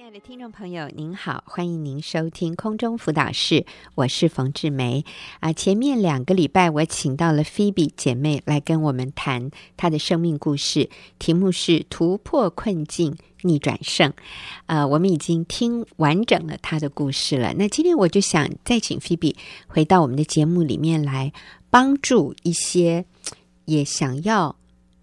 親愛的聽眾朋友，您好，歡迎您收聽空中輔導室，我是馮志梅。啊、呃，前面兩個禮拜我請到了 Phoebe 姐妹來跟我們談她的生命故事，題目是突破困境逆轉勝、呃。我們已經聽完整了她的故事了。那今天我就想再請 Phoebe 回到我們的節目裡面來，幫助一些也想要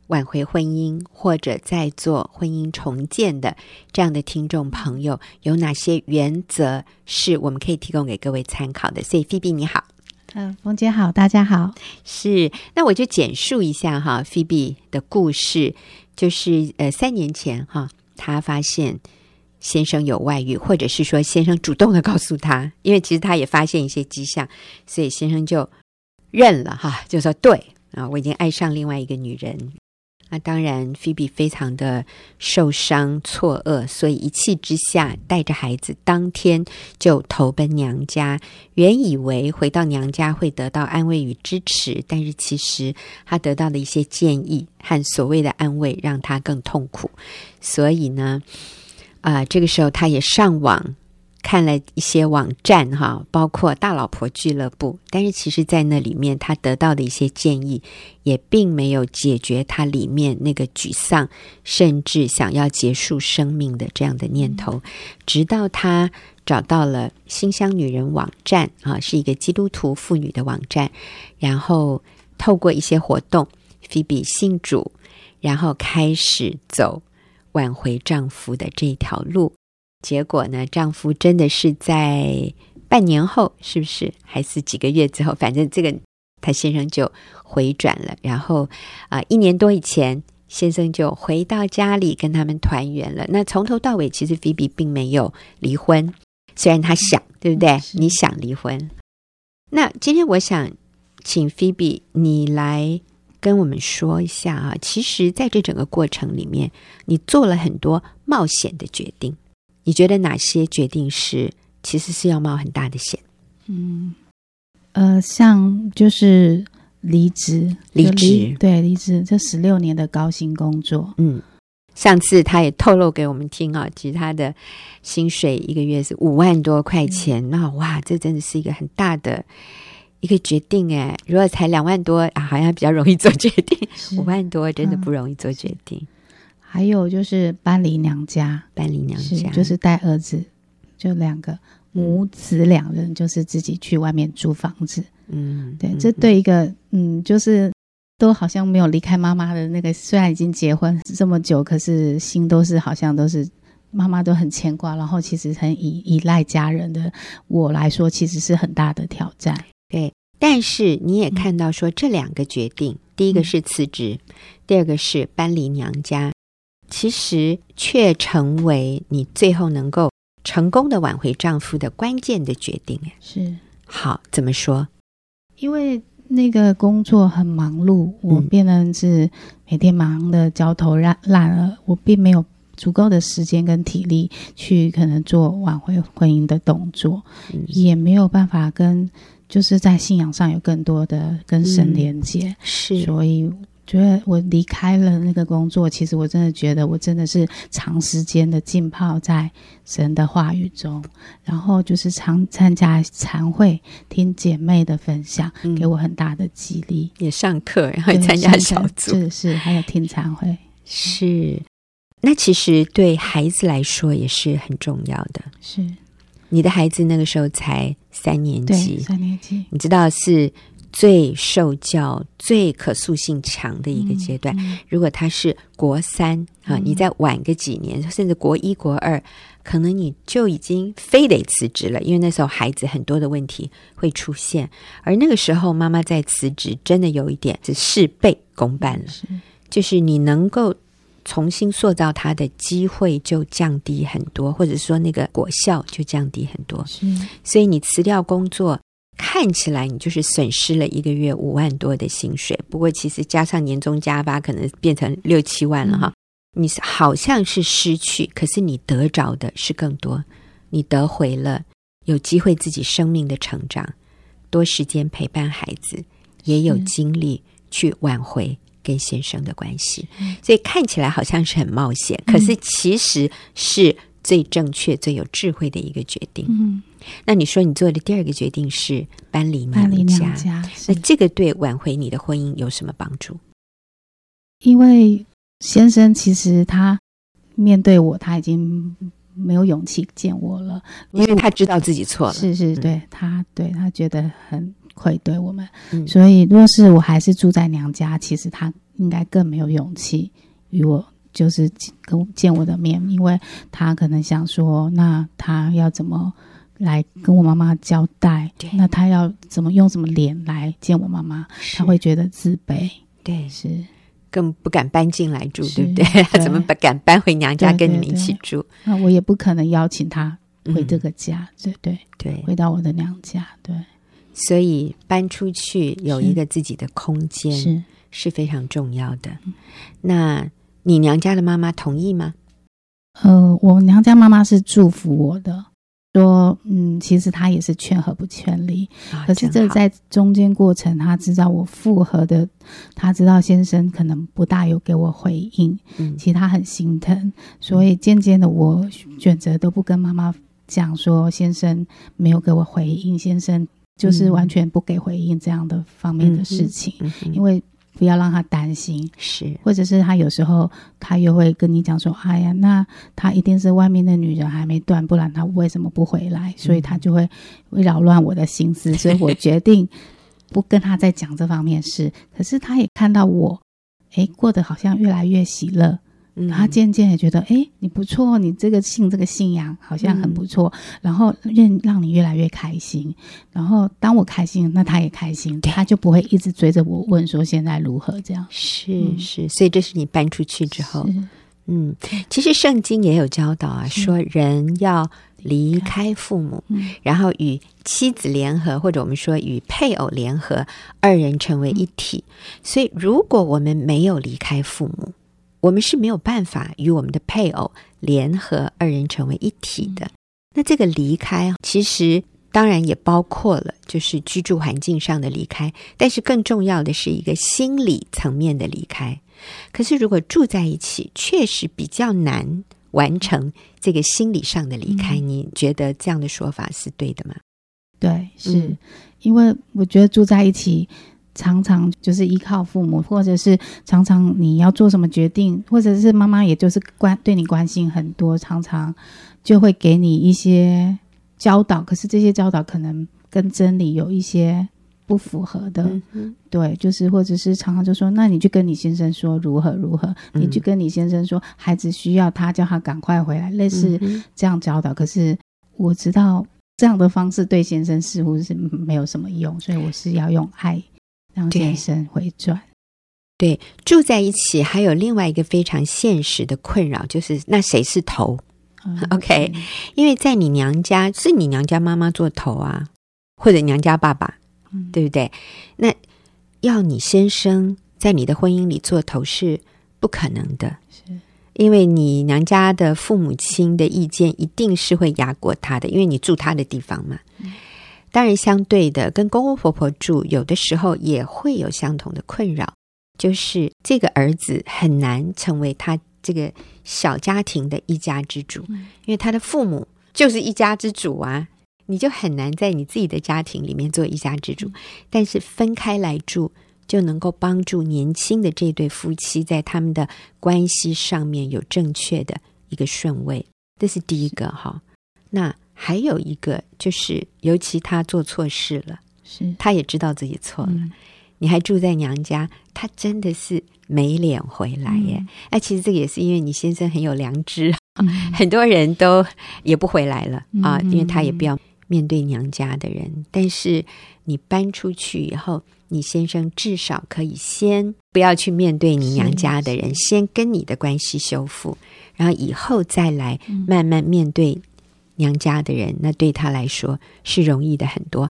挽回婚姻或者在做婚姻重建的這樣的聽眾朋友，有哪些原則是我們可以提供給各位參考的？所以 Phoebe 你好，嗯，馮姐好，大家好。是，那我就簡述一下哈，Phoebe 的故事，就是呃，三年前哈，她發現先生有外遇，或者是說先生主動的告訴她，因為其實她也發現一些跡象，所以先生就認了哈，就說，對啊，我已經愛上另外一個女人。當然，Phoebe 非常的受傷、錯愕，所以一氣之下，帶着孩子當天就投奔娘家。原以為回到娘家會得到安慰與支持，但是其實她得到的一些建議和所謂的安慰，讓她更痛苦。所以呢，啊、呃，這個時候她也上網。看了一些網站哈，包括大老婆俱樂部，但是其實，在那裡面，他得到的一些建議，也並沒有解決他裡面那個沮喪，甚至想要結束生命的這樣的念頭。嗯、直到他找到了馨香女人網站啊，是一個基督徒婦女的網站，然後透過一些活動，菲比信主，然後開始走挽回丈夫的這一條路。結果呢？丈夫真的是在半年後，是不是？還是幾個月之後？反正這個他先生就回轉了。然後啊，呃，一年多以前，先生就回到家裡跟他們團圓了。那從頭到尾，其實 Phoebe 並沒有離婚，雖然他想，對不對？你想離婚？那今天我想請 Phoebe 你來跟我們說一下啊。其實，在這整個過程裡面，你做了很多冒險的決定。你覺得哪些決定是其實是要冒很大的險？嗯，呃，像就是離職，離職，離，對，離職這十六年的高薪工作，嗯，上次他也透露給我們聽啊、哦，其實他的薪水一個月是五萬多塊錢，那、嗯哦、哇，這真的是一個很大的一個決定哎，如果才兩萬多啊，好像比較容易做決定，五萬多真的不容易做決定。嗯還有就是搬離娘家，搬離娘家是，就是帶兒子，就兩個母子兩人，就是自己去外面租房子。嗯，對，這對一個嗯，嗯，就是都好像沒有離開媽媽的那個，雖然已經結婚這麼久，可是心都是好像都是媽媽都很牽掛，然後其實很依依賴家人的我來說，其實是很大的挑戰。對，但是你也看到說這兩個決定，嗯，第一個是辭職，第二個是搬離娘家。其實，卻成為你最後能夠成功的挽回丈夫的關鍵的決定、啊、是，好怎麼說？因為那個工作很忙碌，我變得是每天忙得焦頭爛額、嗯，我並沒有足夠的時間跟體力去可能做挽回婚姻的動作，嗯、也沒有辦法跟就是在信仰上有更多的跟神連接、嗯，是，所以。覺得我離開了那個工作，其實我真的覺得我真的是長時間的浸泡在神的話語中，然後就是常參加禪會，聽姐妹的分享、嗯，給我很大的激勵。也上課，然後也參加小組，是是，還有聽禪會，是、嗯。那其實對孩子來說也是很重要的。是，你的孩子那個時候才三年級，對三年級，你知道是。最受教、最可塑性強的一個階段。嗯嗯、如果他是國三、嗯、啊，你再晚個幾年，甚至國一、國二，可能你就已經非得辭職了，因為那時候孩子很多的問題會出現。而那個時候媽媽在辭職，真的有一點是事倍功半了、嗯。是，就是你能夠重新塑造他的機會就降低很多，或者說那個果效就降低很多。是。所以你辭掉工作。看起來你就是損失了一個月五萬多的薪水，不過其實加上年終加發，可能變成六七萬了哈、嗯。你是好像是失去，可是你得着的是更多，你得回了有機會自己生命的成長，多時間陪伴孩子，也有精力去挽回跟先生的關係，所以看起來好像是很冒險，可是其實是最正確、嗯、最有智慧的一個決定。嗯那你說你做的第二個決定是搬離娘家，搬離娘家，那這個對挽回你的婚姻有什麼幫助？因為先生其實他面對我他已經沒有勇氣見我了，因為他知道自己錯了。是是，對、嗯、他對他覺得很愧對我們、嗯，所以若是我還是住在娘家，其實他應該更沒有勇氣與我就是跟見我的面，因為他可能想說，那他要怎麼？來跟我媽媽交代，嗯、對，那她要怎麼用什麼臉來見我媽媽？她會覺得自卑，對，是更不敢搬進來住，對不對？對 怎麼不敢搬回娘家跟你們一起住？對對對對，那我也不可能邀請她回這個家，嗯、對對對，回到我的娘家。對，對，所以搬出去有一個自己的空間是是非常重要的、嗯。那你娘家的媽媽同意嗎？呃，我娘家媽媽是祝福我的。說嗯，其實他也是勸和不勸離、啊，可是這在中間過程，他知道我復合的，他知道先生可能不大有給我回應、嗯，其實他很心疼，所以漸漸的我選擇都不跟媽媽講說先生沒有給我回應，先生就是完全不給回應這樣的方面的事情，嗯嗯、因為。不要讓他擔心，是，或者是他有時候他又會跟你講說，哎呀，那他一定是外面的女人還沒斷，不然他為什麼不回來？嗯、所以他就會會擾亂我的心思，所以我決定不跟他再講這方面事。 可是他也看到我，哎，過得好像越來越喜樂。嗯，他漸漸也覺得，哎，你不錯，你這個信這個信仰好像很不錯，嗯、然後讓讓你越來越開心。然後當我開心，那他也開心，他就不會一直追着我問說現在如何這樣。是是，所以這是你搬出去之後，嗯，其實聖經也有教導啊，說人要離開父母、嗯，然後與妻子聯合，或者我們說與配偶聯合，二人成為一體。嗯、所以如果我們沒有離開父母，我們是沒有辦法與我們的配偶聯合，二人成為一體的。嗯、那這個離開，其實當然也包括了，就是居住環境上的離開。但是更重要的是一個心理層面的離開。可是如果住在一起，確實比較難完成這個心理上的離開。嗯、你覺得這樣的說法是對的嗎？對，是、嗯、因為我覺得住在一起。常常就是依靠父母，或者是常常你要做什麼決定，或者是媽媽也就是關對你關心很多，常常就會給你一些教導。可是這些教導可能跟真理有一些不符合的、嗯，對，就是或者是常常就說，那你去跟你先生說如何如何，你去跟你先生說孩子需要他，叫他趕快回來，類似這樣教導。嗯、可是我知道這樣的方式對先生似乎是沒有什麼用，所以我是要用愛。讓先生回轉。對，對，住在一起還有另外一個非常現實的困擾，就是那誰是頭？嗯，OK，是因為在你娘家是你娘家媽媽做頭啊，或者娘家爸爸，嗯，對不對？那要你先生在你的婚姻裡做頭是不可能的，是因為你娘家的父母親的意見一定是會壓過他的，因為你住他的地方嘛。嗯當然，相對的，跟公公婆婆住，有的時候也會有相同的困擾，就是這個兒子很難成為他這個小家庭的一家之主，因為他的父母就是一家之主啊，你就很難在你自己的家庭裡面做一家之主。但是分開來住，就能夠幫助年輕的這對夫妻在他們的關係上面有正確的一個順位。這是第一個哈，那。還有一個就是，尤其他做錯事了，是他也知道自己錯了、嗯，你還住在娘家，他真的是沒臉回來耶！哎、嗯啊，其實這個也是因為你先生很有良知、啊嗯，很多人都也不回來了啊、嗯，因為他也不要面對娘家的人、嗯。但是你搬出去以後，你先生至少可以先不要去面對你娘家的人，先跟你的關係修復，然後以後再來慢慢面對、嗯。嗯娘家的人，那對他來說是容易的很多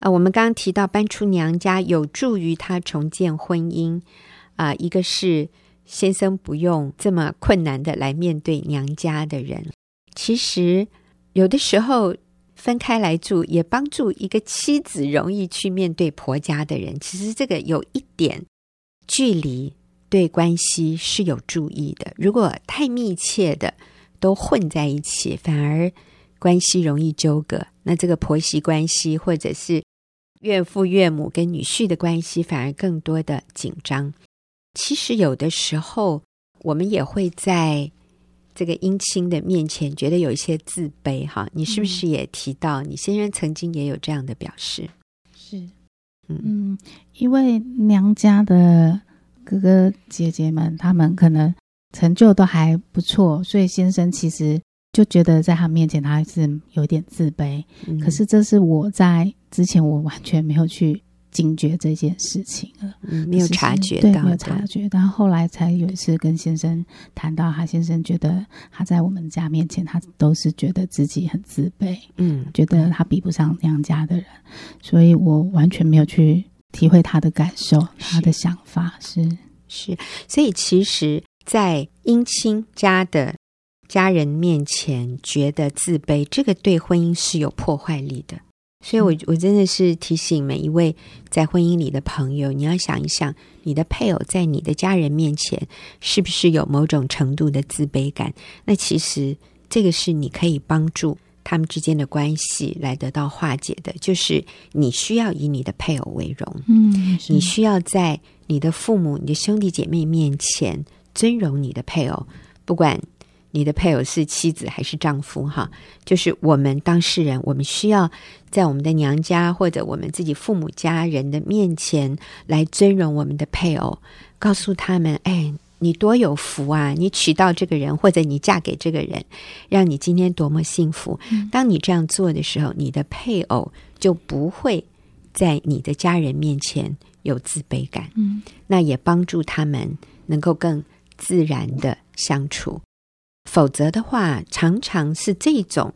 啊。我們剛剛提到搬出娘家有助於他重建婚姻啊。一個是先生不用這麼困難的來面對娘家的人。其實有的時候分開來住也幫助一個妻子容易去面對婆家的人。其實這個有一點距離對關係是有助益的。如果太密切的都混在一起，反而。關係容易糾葛，那這個婆媳關係或者是岳父岳母跟女婿的關係，反而更多的緊張。其實有的時候，我們也會在這個姻親的面前，覺得有一些自卑。哈，你是不是也提到、嗯、你先生曾經也有這樣的表示？是，嗯，嗯，因為娘家的哥哥姐姐們，他們可能成就都還不錯，所以先生其實。就覺得在他面前，他還是有點自卑、嗯。可是這是我在之前，我完全沒有去警覺這件事情了、嗯，沒有察覺到是是對，沒有察覺。但後來才有一次跟先生談到他，他先生覺得他在我們家面前，他都是覺得自己很自卑，嗯，覺得他比不上娘家的人，所以我完全沒有去體會他的感受，他的想法是是。所以其實，在姻親家的。家人面前覺得自卑，這個對婚姻是有破壞力的。所以我，我、嗯、我真的是提醒每一位在婚姻裡的朋友，你要想一想，你的配偶在你的家人面前是不是有某種程度的自卑感？那其實這個是你可以幫助他們之間的關係來得到化解的，就是你需要以你的配偶為榮，嗯，你需要在你的父母、你的兄弟姐妹面前尊榮你的配偶，不管。你的配偶是妻子還是丈夫？哈，就是我們當事人，我們需要在我們的娘家或者我們自己父母家人的面前來尊榮我們的配偶，告訴他們：“哎，你多有福啊！你娶到這個人，或者你嫁給這個人，讓你今天多麼幸福。”嗯，當你這樣做的時候，你的配偶就不會在你的家人面前有自卑感。嗯，那也幫助他們能夠更自然地相處。否則的話，常常是這種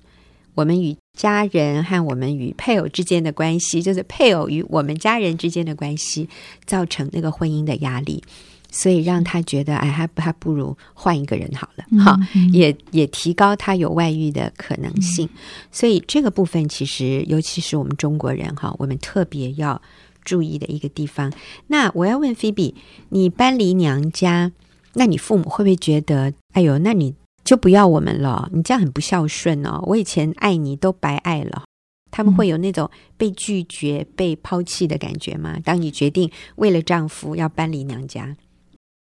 我們與家人和我們與配偶之間的關係，就是配偶與我們家人之間的關係，造成那個婚姻的壓力，所以讓他覺得哎，他還不，不如換一個人好了，哈、嗯嗯，也也提高他有外遇的可能性、嗯。所以這個部分其實，尤其是我們中國人哈，我們特別要注意的一個地方。那我要問 Phoebe，你搬離娘家，那你父母會不會覺得，哎呦，那你？就不要我們了，你這樣很不孝順哦！我以前愛你都白愛了。他們會有那種被拒絕、嗯、被拋棄的感覺嗎？當你決定為了丈夫要搬離娘家，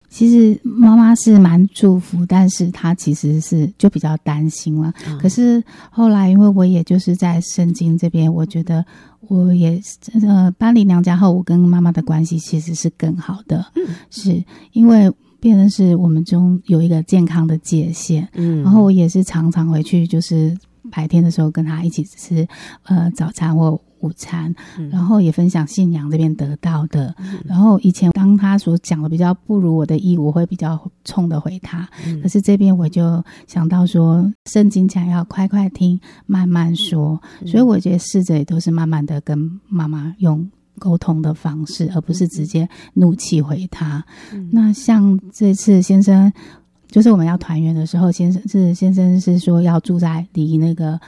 其實媽媽是蠻祝福，但是她其實是就比較擔心了。嗯、可是後來，因為我也就是在聖經這邊，我覺得我也呃搬離娘家後，我跟媽媽的關係其實是更好的，嗯、是因為。變得是我們中有一個健康的界限，嗯，然後我也是常常回去，就是白天的時候跟他一起吃，呃，早餐或午餐，嗯、然後也分享信仰這邊得到的、嗯。然後以前當他所講的比較不如我的意，我會比較衝的回他，嗯、可是這邊我就想到說，聖經講要快快聽，慢慢說，嗯，所以我覺得試着也都是慢慢的跟媽媽用溝通的方式，而不是直接怒氣回他、嗯。那像這次先生，就是我們要團圓的時候，先生是先生是說要住在離那個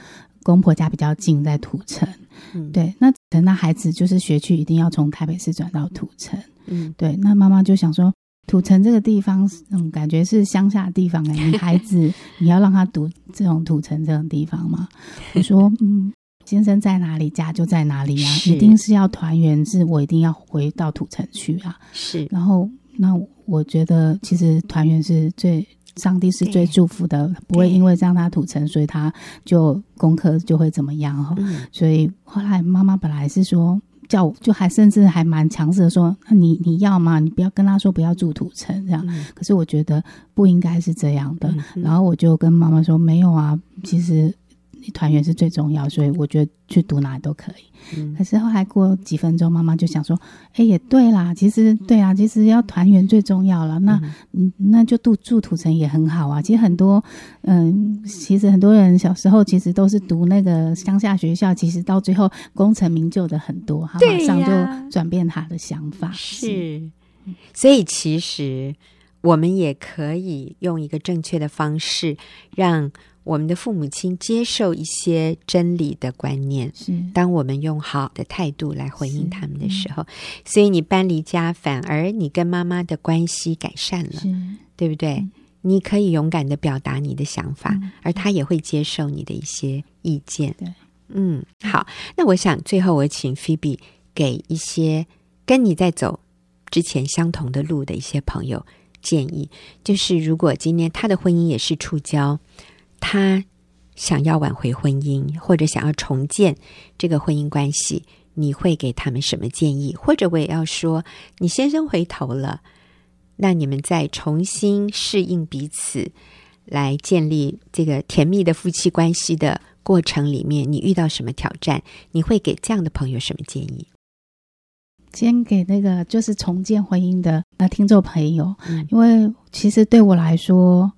公婆家比較近，在土城。嗯、對。那那孩子就是學區一定要從台北市轉到土城。嗯，對。那媽媽就想說，土城這個地方，嗯，感覺是鄉下的地方哎、欸，你孩子 你要讓他讀這種土城這種地方嗎？我說，嗯。先生在哪裡，家就在哪裡呀、啊！一定是要團圓，是我一定要回到土城去啊！是，然後那我覺得其實團圓是最上帝是最祝福的，欸、不會因為讓他土城、欸，所以他就功課就會怎麼樣哈、嗯。所以後來媽媽本來是說叫，我就還甚至還蠻強勢的說：“那你你要嗎？你不要跟他說不要住土城這樣。嗯”可是我覺得不應該是這樣的、嗯。然後我就跟媽媽說：“沒有啊，其實。”團圓是最重要，所以我覺得去讀哪裡都可以。嗯、可是後來過幾分鐘，媽媽就想說：“哎、嗯，也、欸、對啦，其實對啊，其實要團圓最重要了。那嗯，嗯，那就讀住土城也很好啊。其實很多，嗯，其實很多人小時候其實都是讀那個鄉下學校，其實到最後功成名就的很多，馬上就轉變他的想法。是、啊嗯，所以其實我們也可以用一個正確的方式讓。”我們的父母親接受一些真理的觀念是，當我們用好的態度來回應他們的時候、嗯，所以你搬離家，反而你跟媽媽的關係改善了，對不對、嗯？你可以勇敢的表達你的想法、嗯，而他也會接受你的一些意見。對，嗯，好。那我想最後我請 Phoebe 給一些跟你在走之前相同的路的一些朋友建議，就是如果今天他的婚姻也是觸礁。他想要挽回婚姻，或者想要重建這個婚姻關係，你會給他們什麼建議？或者我也要說，你先生回頭了，那你們再重新適應彼此，來建立這個甜蜜的夫妻關係的過程裡面，你遇到什麼挑戰？你會給這樣的朋友什麼建議？先給那個就是重建婚姻的那聽眾朋友、嗯，因為其實對我來說，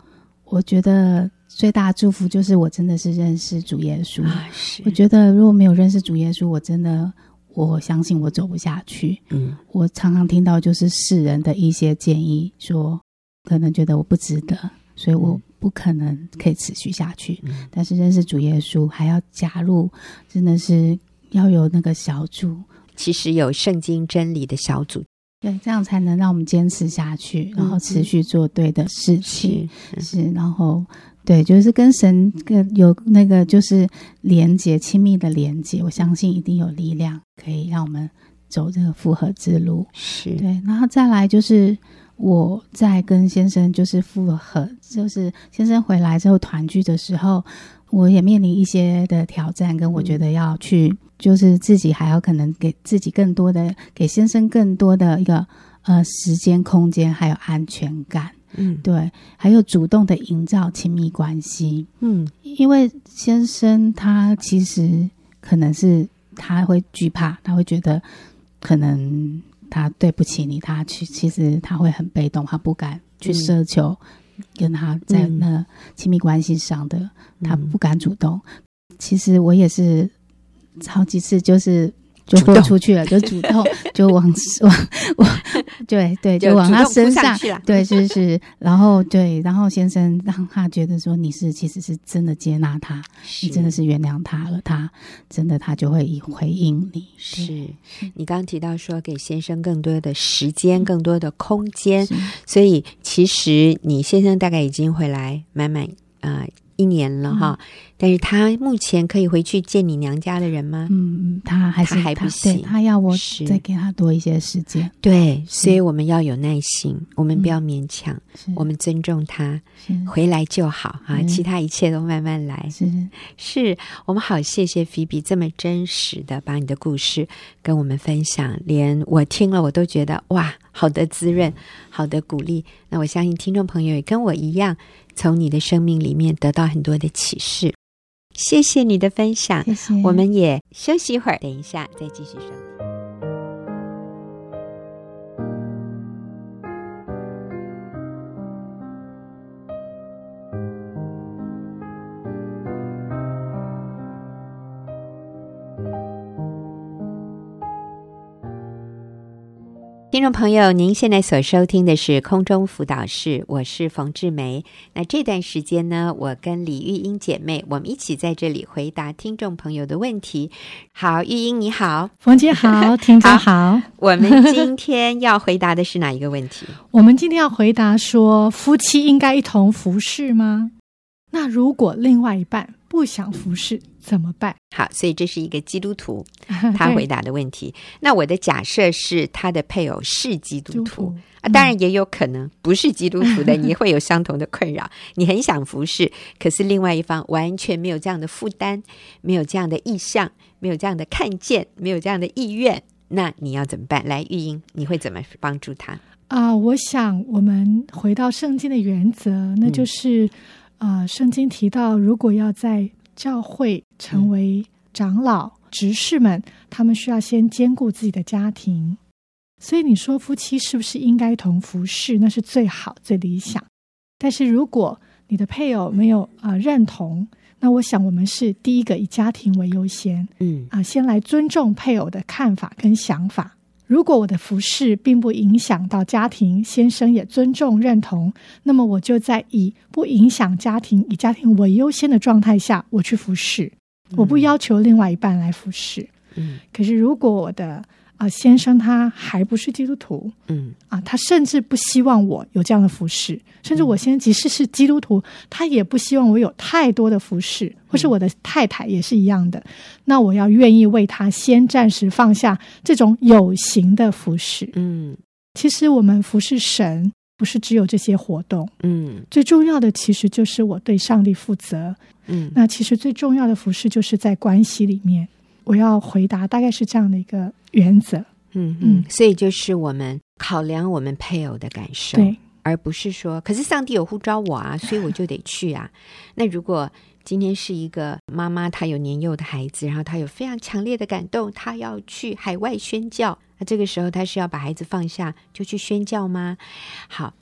我覺得。最大的祝福就是我真的是認識主耶穌。啊、是、我覺得如果沒有認識主耶穌，我真的，我相信我走不下去。嗯，我常常聽到就是世人的一些建議，說可能覺得我不值得，所以我不可能可以持續下去。嗯、但是認識主耶穌，還要加入，真的是要有那個小組，其實有聖經真理的小組，對，這樣才能讓我們堅持下去，然後持續做對的事情。嗯嗯，是，是，是、嗯，然後。對，就是跟神有那個就是連接，親密的連接，我相信一定有力量可以讓我們走這個復合之路。是，對，然後再來就是我在跟先生就是復合，就是先生回來之後團聚的時候，我也面臨一些的挑戰，跟我覺得要去，就是自己還要可能給自己更多的，給先生更多的一個呃時間、空間，還有安全感。嗯，對，還有主動的營造親密關係，嗯，因為先生他其實可能是他會懼怕，他會覺得可能他對不起你，他其其實他會很被動，他不敢去奢求跟他在那親密關係上的，嗯，他不敢主動。其實我也是好幾次就是。就豁出去了，就主動，就往往往，對對就，就往他身上去了，對，就是，是，然後對，然後先生讓他覺得說你是其實是真的接納他，你真的是原諒他了，他真的他就會以回應你。是，是你剛剛提到說給先生更多的時間，更多的空間，是。所以其實你先生大概已經回來滿滿啊、呃、一年了哈。嗯但是他目前可以回去見你娘家的人嗎？嗯，他還是他還不行他，他要我再給他多一些時間。對，所以我們要有耐心，我們不要勉強，嗯、我們尊重他，回來就好啊。其他一切都慢慢來。嗯、是，是，我們好，謝謝 Phoebe 這麼真實的把你的故事跟我們分享，連我聽了我都覺得哇，好的滋潤，好的鼓勵。那我相信聽眾朋友也跟我一樣，從你的生命裡面得到很多的啟示。謝謝你的分享，謝謝，我們也休息一會兒，等一下再繼續說。聽眾朋友，您現在所收聽的是空中輔導室，我是馮志梅。那這段時間呢，我跟李玉瑛姐妹，我們一起在這裡回答聽眾朋友的問題。好，玉瑛你好，馮姐好， 聽眾好，好。我們今天要回答的是哪一個問題？ 我們今天要回答說，夫妻應該一同服事嗎？那如果另外一半？不想服事怎麼辦？好，所以這是一個基督徒他回答的問題、嗯。那我的假設是他的配偶是基督徒，基督徒啊，當然也有可能、嗯、不是基督徒的，你會有相同的困擾。 你很想服事，可是另外一方完全沒有這樣的負擔，沒有這樣的意向，沒有這樣的看見，沒有這樣的意願，那你要怎麼辦？來，玉瑛，你會怎麼幫助他啊、呃？我想，我們回到聖經的原則，那就是。嗯啊、呃，聖經提到，如果要在教會成為長老、執、嗯、事們，他們需要先兼顧自己的家庭。所以你說夫妻是不是應該同服侍？那是最好、最理想。但是如果你的配偶沒有啊、呃、認同，那我想我們是第一個以家庭為優先，嗯啊、呃，先來尊重配偶的看法跟想法。如果我的服事並不影響到家庭，先生也尊重認同，那麼我就在以不影響家庭、以家庭為優先的狀態下，我去服事。嗯，我不要求另外一半來服事。嗯，可是如果我的啊，先生，他還不是基督徒，嗯，啊，他甚至不希望我有這樣的服事，甚至我先生即使是基督徒，他也不希望我有太多的服事，嗯，或是我的太太也是一樣的，那我要願意為他先暫時放下這種有形的服事。嗯，其實我們服事神不是只有這些活動，嗯，最重要的其實就是我對上帝負責，嗯，那其實最重要的服事就是在關係裡面。我要回答，大概是這樣的一個原則。嗯嗯，所以就是我們考量我們配偶的感受，對，而不是說，可是上帝有呼召我啊，所以我就得去啊。 那如果今天是一個媽媽，她有年幼的孩子，然後她有非常強烈的感動，她要去海外宣教，那這個時候她是要把孩子放下就去宣教嗎？好，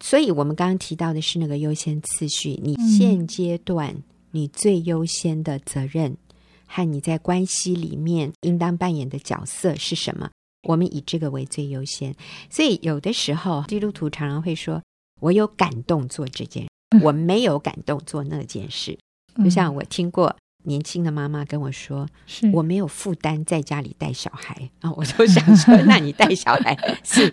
所以我們剛剛提到的是那個優先次序，你現階段你最優先的責任。嗯和你在關係裡面應當扮演的角色是什麼？我們以這個為最優先。所以有的時候，基督徒常常會說：“我有感動做這件事，我沒有感動做那件事。嗯”就像我聽過。年輕的媽媽跟我說是：“我沒有負擔在家裡帶小孩。哦”啊，我就想說：“ 那你帶小孩是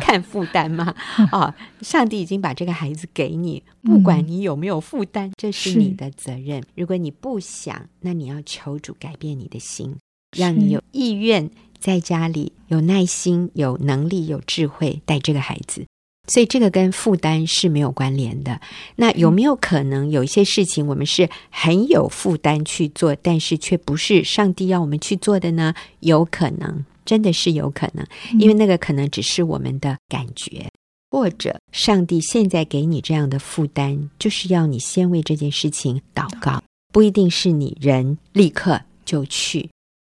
看負擔嗎？”啊、哦，上帝已經把這個孩子給你，不管你有沒有負擔，嗯、這是你的責任。如果你不想，那你要求主改變你的心，讓你有意願在家裡有耐心、有能力、有智慧帶這個孩子。所以這個跟負擔是沒有關聯的。那有沒有可能有一些事情我們是很有負擔去做，但是卻不是上帝要我們去做的呢？有可能，真的是有可能，因為那個可能只是我們的感覺。嗯。或者上帝現在給你這樣的負擔，就是要你先為這件事情禱告，不一定是你人立刻就去。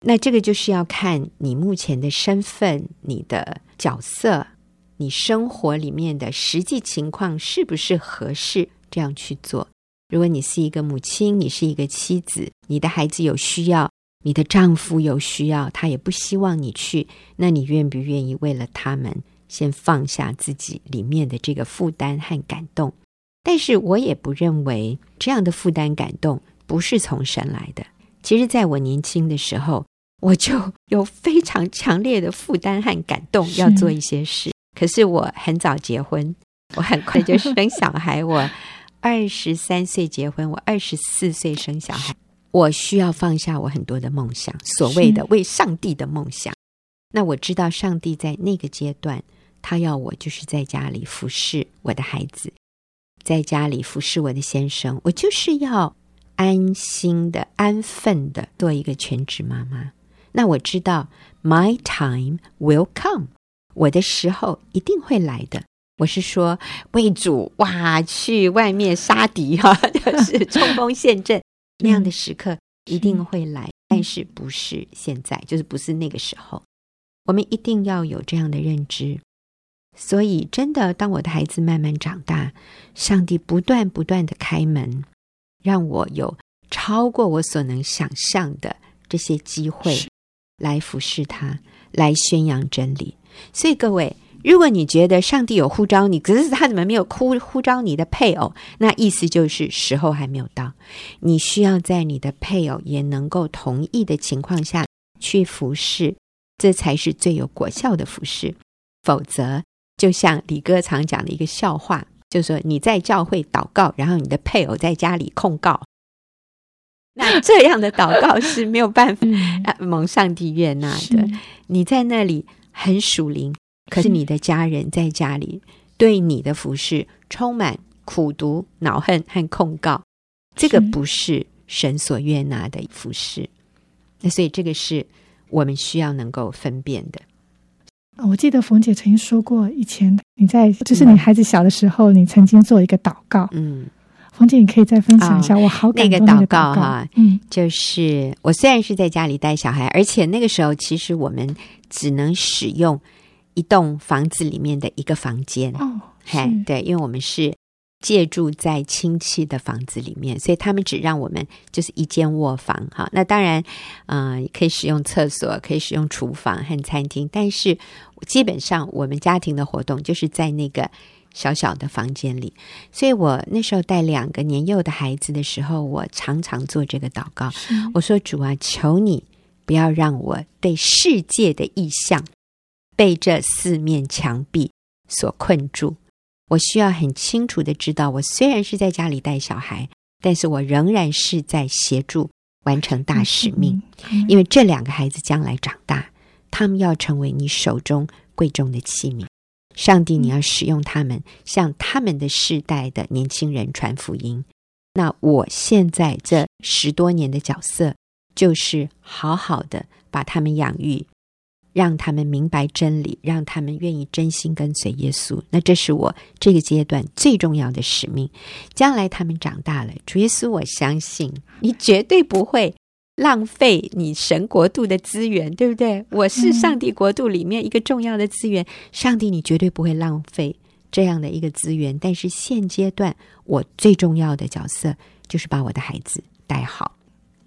那這個就是要看你目前的身份，你的角色。你生活裡面的實際情況是不是合適這樣去做？如果你是一個母親，你是一個妻子，你的孩子有需要，你的丈夫有需要，他也不希望你去，那你願不願意為了他們先放下自己裡面的這個負擔和感動？但是我也不認為這樣的負擔感動不是從神來的。其實，在我年輕的時候，我就有非常強烈的負擔和感動，要做一些事。可是我很早結婚，我很快就生小孩。我二十三歲結婚，我二十四歲生小孩。我需要放下我很多的夢想，所謂的為上帝的夢想。那我知道上帝在那個階段，他要我就是在家裡服侍我的孩子，在家裡服侍我的先生。我就是要安心的、安分的做一個全職媽媽。那我知道，My time will come。我的時候一定會來的。我是說，為主哇，去外面殺敵哈、啊，就是衝鋒陷陣 那樣的時刻一定會來，但是不是現在，就是不是那個時候。我們一定要有這樣的認知。所以，真的，當我的孩子慢慢長大，上帝不斷不斷的開門，讓我有超過我所能想象的這些機會，來服侍他，來宣揚真理。所以各位，如果你覺得上帝有呼召你，可是他怎麼沒有呼呼召你的配偶？那意思就是時候還沒有到。你需要在你的配偶也能夠同意的情況下去服侍，這才是最有果效的服侍。否則，就像李哥常講的一個笑話，就說你在教會禱告，然後你的配偶在家裡控告，那這樣的禱告是沒有辦法、 嗯、蒙上帝悅納的。你在那裡。很屬靈，可是你的家人在家裡、嗯、對你的服事充滿苦毒、惱恨和控告，這個不是神所悅納的服事、嗯。那所以這個是我們需要能夠分辨的。啊、哦，我記得馮姐曾經說過，以前你在就是你孩子小的時候、嗯，你曾經做一個禱告，嗯。馮姐，你可以再分享一下，哦、我好感動那個禱告、那個、禱告哈。嗯，就是我雖然是在家裡帶小孩，而且那個時候其實我們只能使用一棟房子裡面的一個房間哦。嘿，對，因為我們是借住在親戚的房子裡面，所以他們只讓我們就是一間臥房哈。那當然，呃，可以使用廁所，可以使用廚房和餐廳，但是基本上我們家庭的活動就是在那個。小小的房間裡，所以我那時候帶兩個年幼的孩子的時候，我常常做這個禱告。我說：“主啊，求你不要讓我對世界的意向被這四面牆壁所困住。我需要很清楚的知道，我雖然是在家裡帶小孩，但是我仍然是在協助完成大使命。因為這兩個孩子將來長大，他們要成為你手中貴重的器皿。”上帝，你要使用他們，嗯，向他們的世代的年輕人傳福音。那我現在這十多年的角色，就是好好的把他們養育，讓他們明白真理，讓他們願意真心跟隨耶穌。那這是我這個階段最重要的使命。將來他們長大了，主耶穌，我相信你絕對不會。浪費你神國度的資源，對不對？我是上帝國度裡面一個重要的資源，嗯、上帝你絕對不會浪費這樣的一個資源。但是現階段，我最重要的角色就是把我的孩子帶好。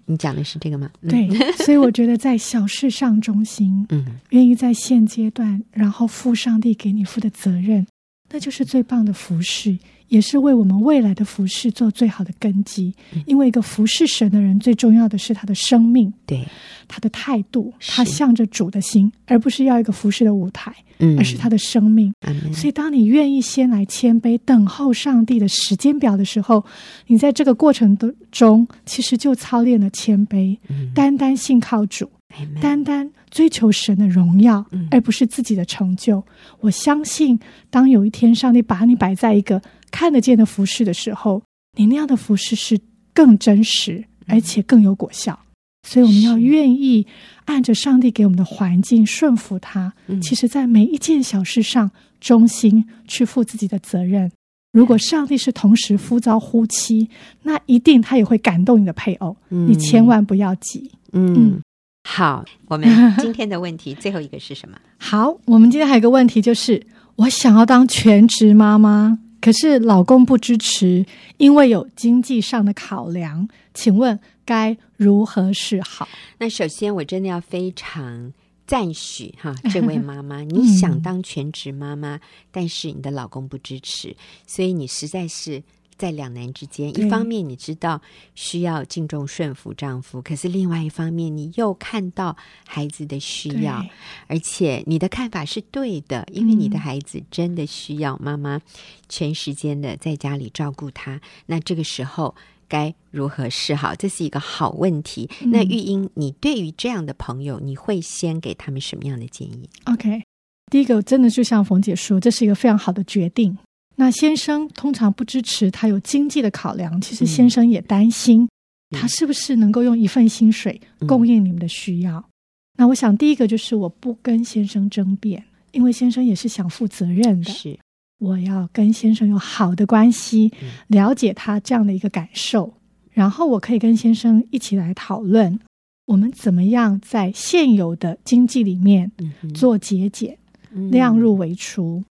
你講的是這個嗎？嗯、對，所以我覺得在小事上忠心，嗯， 願意在現階段，然後負上帝給你負的責任，那就是最棒的服侍。也是為我們未來的服事做最好的根基，嗯、因為一個服事神的人最重要的是他的生命，對，他的態度，他向着主的心，而不是要一個服事的舞台，嗯，而是他的生命。嗯、所以，當你願意先來謙卑等候上帝的時間表的時候，你在這個過程當中，其實就操練了謙卑，嗯、單單信靠主，嗯，單單追求神的榮耀，嗯，而不是自己的成就。我相信，當有一天上帝把你擺在一個看得見的服事的時候，你那樣的服事是更真實、嗯，而且更有果效。所以我們要願意按着上帝給我們的環境順服他。嗯、其實，在每一件小事上，忠心去負自己的責任。如果上帝是同時呼召夫妻，那一定他也會感動你的配偶。你千萬不要急。嗯，嗯好，我們今天的問題 最後一個是什麼？好、嗯，我們今天還有一個問題就是，我想要當全職媽媽。可是老公不支持，因為有經濟上的考量，請問該如何是好？那首先我真的要非常讚許哈，這位媽媽， 你想當全職媽媽， 但是你的老公不支持，所以你實在是，在兩難之間，一方面你知道需要敬重順服丈夫，可是另外一方面你又看到孩子的需要，而且你的看法是對的，因為你的孩子真的需要媽媽全時間的在家裡照顧他。嗯。那這個時候該如何是好？這是一個好問題。嗯。那玉瑛，你對於這樣的朋友，你會先給他們什麼樣的建議？OK，第一個，真的就像馮姐說，這是一個非常好的決定。那先生通常不支持他，有經濟的考量，其實先生也擔心他是不是能夠用一份薪水供應你們的需要。嗯嗯、那我想，第一個就是我不跟先生爭辯，因為先生也是想負責任的。是，我要跟先生有好的關係，嗯、了解他這樣的一個感受，然後我可以跟先生一起來討論，我們怎麼樣在現有的經濟裡面做節儉，嗯、量入為出。嗯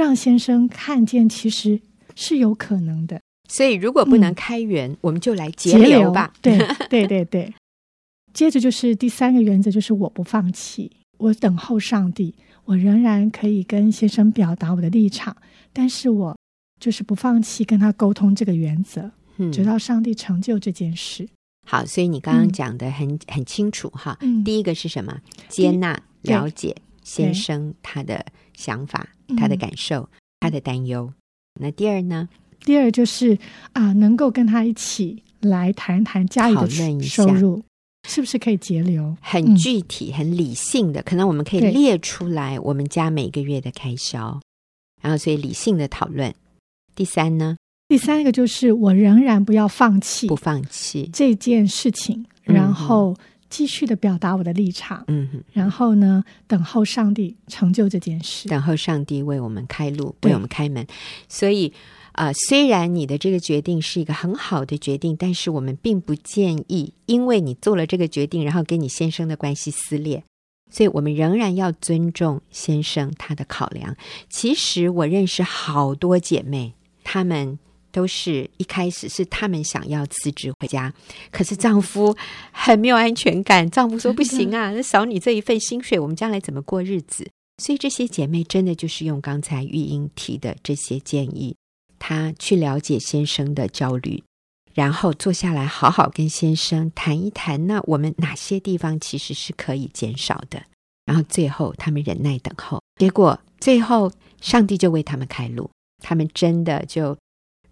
讓先生看見，其實是有可能的。所以，如果不能開源，嗯、我們就來節流，節流吧。對，對，對，對，對。 接着就是第三個原則，就是我不放棄，我等候上帝，我仍然可以跟先生表達我的立場，但是我就是不放棄跟他溝通這個原則，嗯、直到上帝成就這件事。好，所以你剛剛講得很、嗯、很清楚哈、嗯。第一個是什麼？接納、了解先生他的想法。他的感受，嗯，他的擔憂。那第二呢？第二就是啊，能夠跟他一起來談談家裡的收入，討論一下是不是可以節流？很具體、嗯、很理性的，可能我們可以列出來我們家每個月的開銷，然後所以理性的討論。第三呢？第三個就是我仍然不要放棄，不放棄這件事情，然後、嗯。繼續的表達我的立場，嗯哼，然後呢，等候上帝成就這件事，等候上帝為我們開路，對，為我們開門。所以啊、呃，雖然你的這個決定是一個很好的決定，但是我們並不建議，因為你做了這個決定，然後跟你先生的關係撕裂，所以我們仍然要尊重先生他的考量。其實我認識好多姐妹，她們。都是一開始是他們想要辭職回家，可是丈夫很沒有安全感。丈夫說：“不行啊，那少你這一份薪水，我們將來怎麼過日子？”所以這些姐妹真的就是用剛才玉瑛提的這些建議，她去了解先生的焦慮，然後坐下來好好跟先生談一談，那我們哪些地方其實是可以減少的？然後最後他們忍耐等候，結果最後上帝就為他們開路，他們真的就。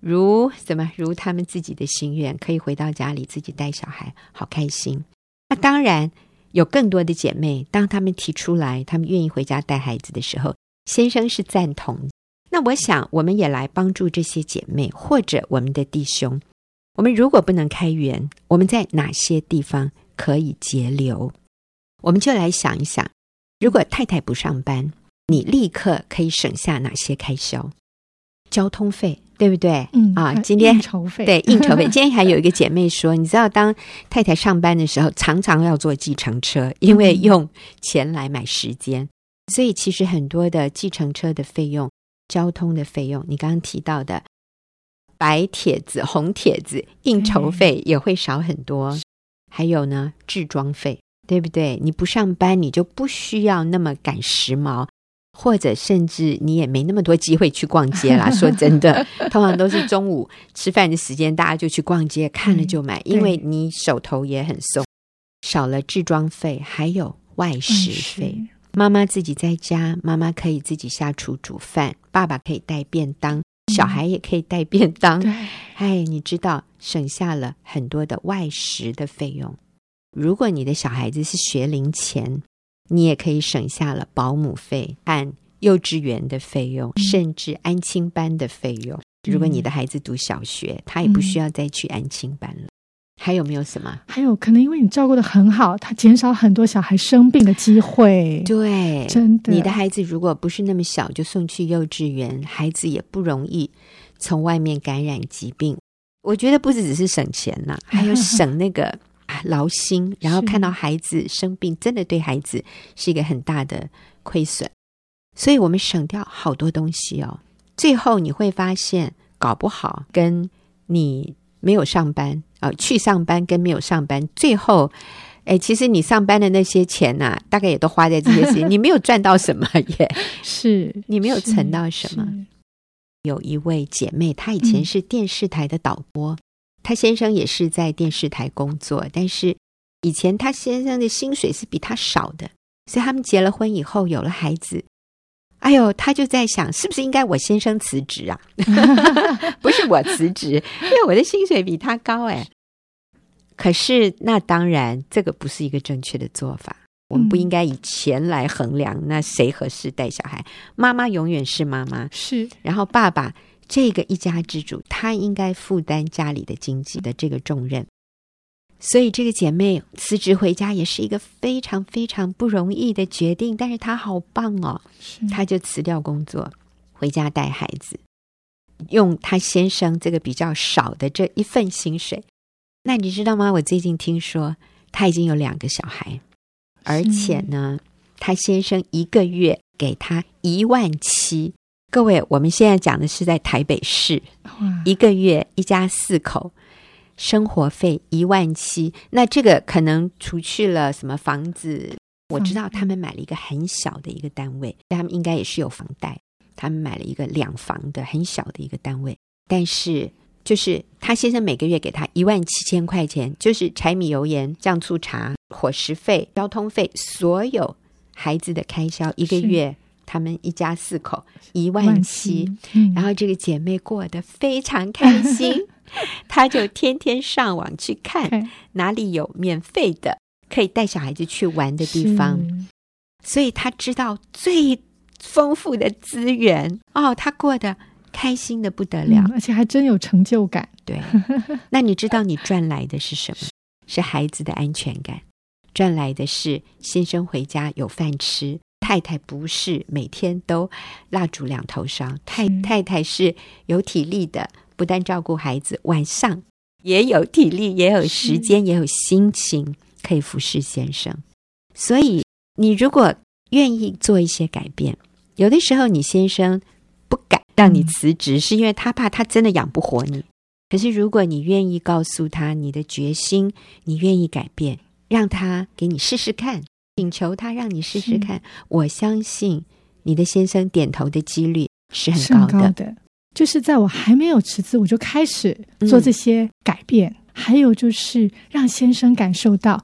如怎麼？如他們自己的心願，可以回到家裡自己帶小孩，好開心。那當然有更多的姐妹，當他們提出來，他們願意回家帶孩子的時候，先生是贊同。那我想，我們也來幫助這些姐妹或者我們的弟兄。我們如果不能開源，我們在哪些地方可以節流？我們就來想一想：如果太太不上班，你立刻可以省下哪些開銷？交通費對不對？嗯啊，今天對應酬費。今天，應酬費、應酬費 今天還有一個姐妹說，你知道當太太上班的時候，常常要坐計程車，因為用錢來買時間，嗯，所以其實很多的計程車的費用、交通的費用，你剛剛提到的白帖子、紅帖子、應酬費也會少很多。嗯、還有呢，置裝費對不對？你不上班，你就不需要那麼趕時髦。或者甚至你也沒那麼多機會去逛街啦。 說真的，通常都是中午吃飯的時間， 大家就去逛街， 看了就買，因為你手頭也很鬆，少了置裝費，還有外食費外食。媽媽自己在家，媽媽可以自己下廚煮飯，爸爸可以帶便當，小孩也可以帶便當。嗯、唉，哎，你知道省下了很多的外食的費用。如果你的小孩子是學齡前，你也可以省下了保姆費和幼稚園的費用，甚至安親班的費用、嗯。如果你的孩子讀小學，他也不需要再去安親班了、嗯。還有沒有什麼？還有可能因為你照顧得很好，他減少很多小孩生病的機會。對，真的。你的孩子如果不是那麼小就送去幼稚園，孩子也不容易從外面感染疾病。我覺得不只只是省錢吶、啊，嗯，還有省那個。勞心，然後看到孩子生病，真的對孩子是一個很大的虧損。所以我們省掉好多東西哦，最後你會發現，搞不好跟你沒有上班啊、呃，去上班跟沒有上班，最後，誒、哎，其實你上班的那些錢吶、啊，大概也都花在這些事情， 你沒有賺到什麼，也、 yeah、是你沒有存到什麼。有一位姐妹，她以前是電視台的導播。嗯他先生也是在電視台工作，但是以前他先生的薪水是比他少的，所以他們結了婚以後有了孩子，哎呦，他就在想，是不是應該我先生辭職啊？ 不是我辭職， 因為我的薪水比他高哎。可是那當然，這個不是一個正確的做法，嗯、我們不應該以錢來衡量那誰合適帶小孩，媽媽永遠是媽媽，是，然後爸爸。這個一家之主，他應該負擔家裡的經濟的這個重任，所以這個姐妹辭職回家也是一個非常非常不容易的決定。但是她好棒哦，她就辭掉工作，回家帶孩子，用她先生這個比較少的這一份薪水。那你知道嗎？我最近聽說她已經有兩個小孩，而且呢，她先生一個月給她一萬七。各位，我們現在講的是在台北市，一個月一家四口生活費一萬七。那這個可能除去了什麼房子，房子我知道他們買了一個很小的一個單位，他們應該也是有房貸。他們買了一個兩房的很小的一個單位，但是就是他先生每個月給他一萬七千塊錢，就是柴米油鹽、醬醋茶、伙食費、交通費，所有孩子的開銷一個月。他們一家四口一萬七,萬七，嗯，然後這個姐妹過得非常開心，嗯，她就天天上網去看哪裡有免費的可以帶小孩子去玩的地方，所以她知道最豐富的資源哦，她過得開心的不得了，嗯，而且還真有成就感。對，那你知道你賺來的是什麼？是，是孩子的安全感，賺來的是先生回家有飯吃。太太不是每天都蠟燭兩頭燒，太太太是有體力的，不但照顧孩子，晚上也有體力，也有時間，也有心情可以服侍先生。所以你如果願意做一些改變，有的時候你先生不敢讓你辭職，是因為他怕他真的養不活你。可是如果你願意告訴他你的決心，你願意改變，讓他給你試試看。請求他讓你試試看，我相信你的先生點頭的幾率是很高的，是高的。就是在我還沒有辭職，我就開始做這些改變，嗯、還有就是讓先生感受到，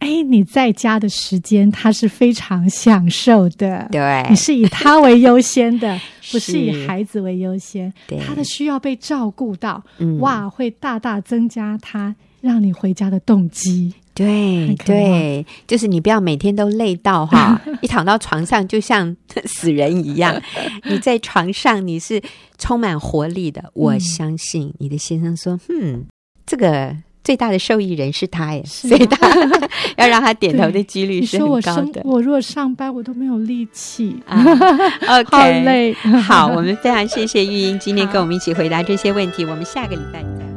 哎，你在家的時間他是非常享受的，對，你是以他為優先的，是不是以孩子為優先，他的需要被照顧到，嗯、哇，會大大增加他讓你回家的動機。對、okay. 對，就是你不要每天都累到哈， 一躺到床上就像死人一樣。你在床上你是充滿活力的， 我相信你的先生說嗯，嗯，這個最大的受益人是他耶。啊、所以他 要讓他點頭的 幾率是很高的。說我如果上班我都沒有力氣啊， uh, okay. 好累。 好，我們非常謝謝玉瑛今天跟我們一起回答這些問題， 我們下個禮拜再。